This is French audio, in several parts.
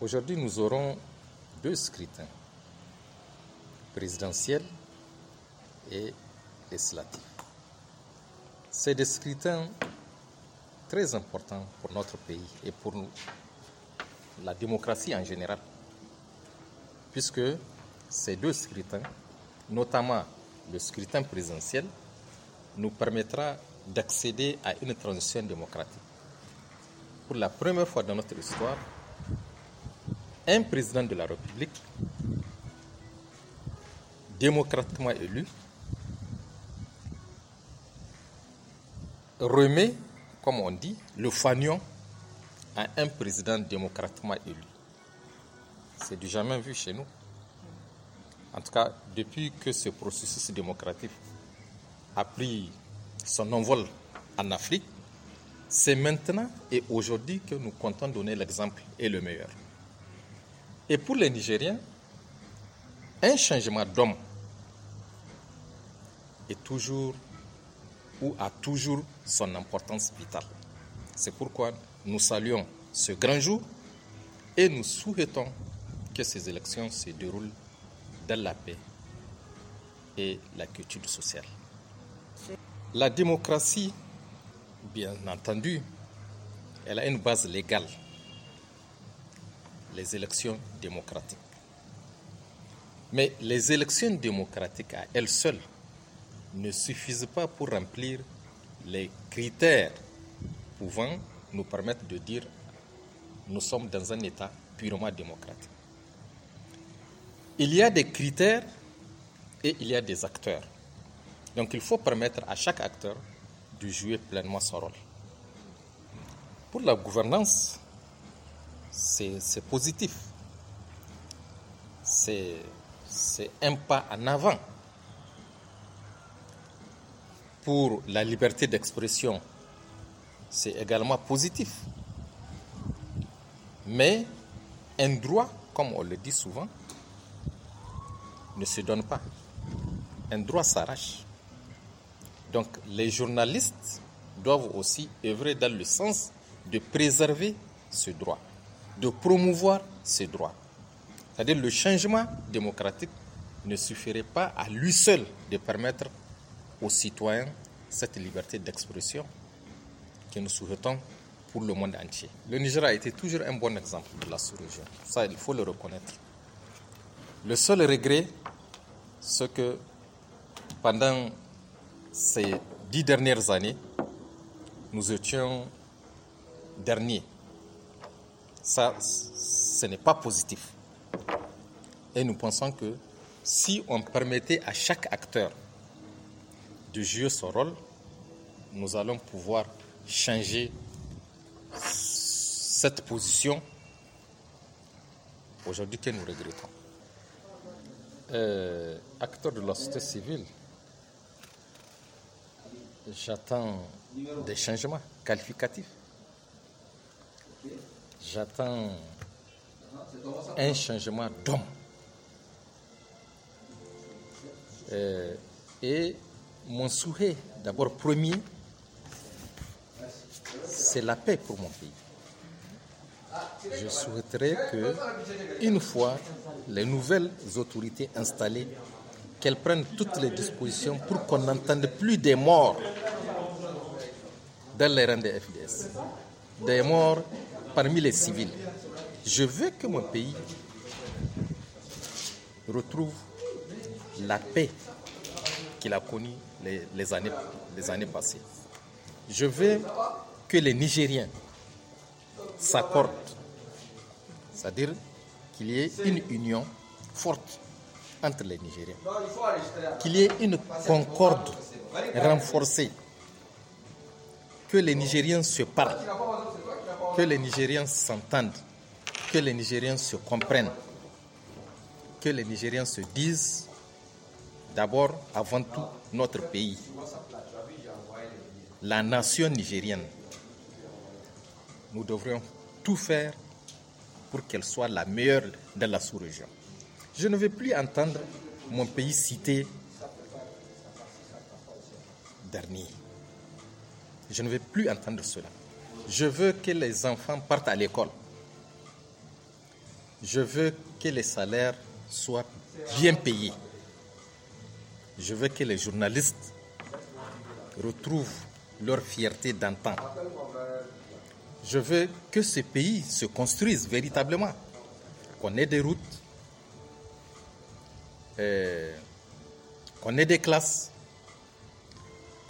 Aujourd'hui, nous aurons deux scrutins, présidentiel et législatif. C'est des scrutins très importants pour notre pays et pour nous, la démocratie en général, puisque ces deux scrutins, notamment le scrutin présidentiel, nous permettra d'accéder à une transition démocratique. Pour la première fois dans notre histoire, un président de la République démocratiquement élu remet, comme on dit, le fanion à un président démocratiquement élu. C'est du jamais vu chez nous. En tout cas, depuis que ce processus démocratique a pris son envol en Afrique, c'est maintenant et aujourd'hui que nous comptons donner l'exemple et le meilleur. Et pour les Nigériens, un changement d'homme est toujours ou a toujours son importance vitale. C'est pourquoi nous saluons ce grand jour et nous souhaitons que ces élections se déroulent dans la paix et la culture sociale. La démocratie, bien entendu, elle a une base légale les élections démocratiques. Mais les élections démocratiques à elles seules ne suffisent pas pour remplir les critères pouvant nous permettre de dire nous sommes dans un État purement démocratique. Il y a des critères et il y a des acteurs. Donc il faut permettre à chaque acteur de jouer pleinement son rôle. Pour la gouvernance, c'est positif. C'est un pas en avant pour la liberté d'expression. C'est également positif. Mais un droit, comme on le dit souvent, ne se donne pas. Un droit s'arrache. Donc les journalistes doivent aussi œuvrer dans le sens de préserver ce droit de promouvoir ses droits. C'est-à-dire le changement démocratique ne suffirait pas à lui seul de permettre aux citoyens cette liberté d'expression que nous souhaitons pour le monde entier. Le Niger a été toujours un bon exemple de la sous-région. Ça, il faut le reconnaître. Le seul regret, c'est que pendant ces dix dernières années, nous étions derniers ça, ce n'est pas positif. Et nous pensons que si on permettait à chaque acteur de jouer son rôle, nous allons pouvoir changer cette position aujourd'hui que nous regrettons. Euh, acteur de la société civile, j'attends des changements qualificatifs. J'attends un changement d'homme. Euh, et mon souhait, d'abord premier, c'est la paix pour mon pays. Je souhaiterais que, une fois les nouvelles autorités installées, qu'elles prennent toutes les dispositions pour qu'on n'entende plus des morts dans les rangs des FDS. Des morts parmi les civils. Je veux que mon pays retrouve la paix qu'il a connue les, années, les années passées. Je veux que les Nigériens s'accordent, c'est-à-dire qu'il y ait une union forte entre les Nigériens, qu'il y ait une concorde renforcée, que les Nigériens se parlent que les Nigériens s'entendent, que les Nigériens se comprennent, que les Nigériens se disent d'abord, avant tout, notre pays, la nation nigérienne. Nous devrions tout faire pour qu'elle soit la meilleure de la sous-région. Je ne vais plus entendre mon pays cité dernier. Je ne vais plus entendre cela. Je veux que les enfants partent à l'école. Je veux que les salaires soient bien payés. Je veux que les journalistes retrouvent leur fierté d'antan. Je veux que ce pays se construise véritablement, qu'on ait des routes, euh, qu'on ait des classes,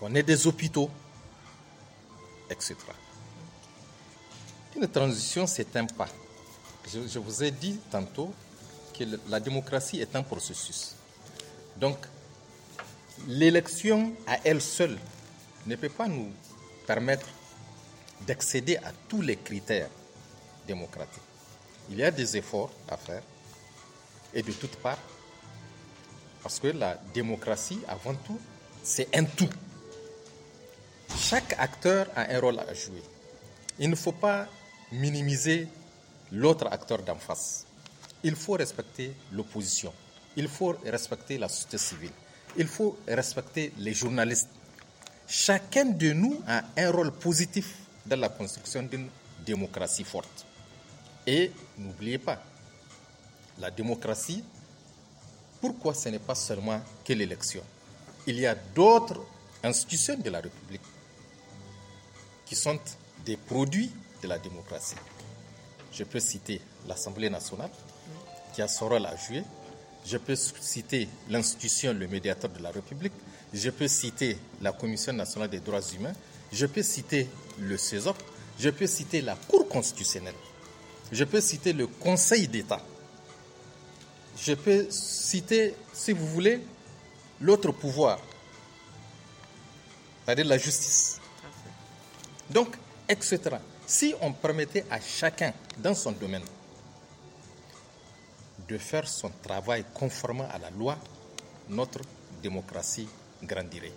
qu'on ait des hôpitaux, etc. Une transition, c'est un pas. Je, vous ai dit tantôt que la démocratie est un processus. Donc, l'élection à elle seule ne peut pas nous permettre d'accéder à tous les critères démocratiques. Il y a des efforts à faire et de toutes parts, parce que la démocratie, avant tout, c'est un tout. Chaque acteur a un rôle à jouer. Il ne faut pas minimiser l'autre acteur d'en face. Il faut respecter l'opposition. Il faut respecter la société civile. Il faut respecter les journalistes. Chacun de nous a un rôle positif dans la construction d'une démocratie forte. Et n'oubliez pas, la démocratie, pourquoi ce n'est pas seulement que l'élection Il y a d'autres institutions de la République qui sont des produits la démocratie. Je peux citer l'Assemblée nationale, qui a son rôle à jouer. Je peux citer l'institution, le médiateur de la République. Je peux citer la Commission nationale des droits humains. Je peux citer le CESOP. Je peux citer la Cour constitutionnelle. Je peux citer le Conseil d'État. Je peux citer, si vous voulez, l'autre pouvoir, c'est-à-dire la justice. Donc, etc. Si on permettait à chacun dans son domaine de faire son travail conformément à la loi, notre démocratie grandirait.